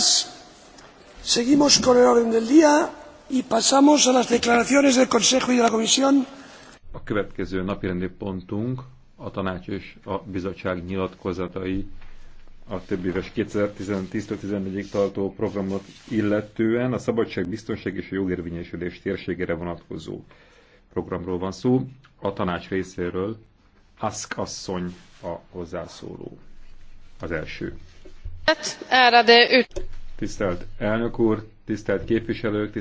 Seguimos con el orden del día y pasamos a las declaraciones del Consejo y de la Comisión. A következő napirendi pontunk a tanács és a bizottság nyilatkozatai a több éves 2010-14-ig tartó programot illetően a szabadság, biztonság és a jogérvényesülés térségére vonatkozó programról van szó. A tanács részéről Ask asszony a hozzászóló. Az első. Tisztelt elnök úr, tisztelt képviselők, tisztelt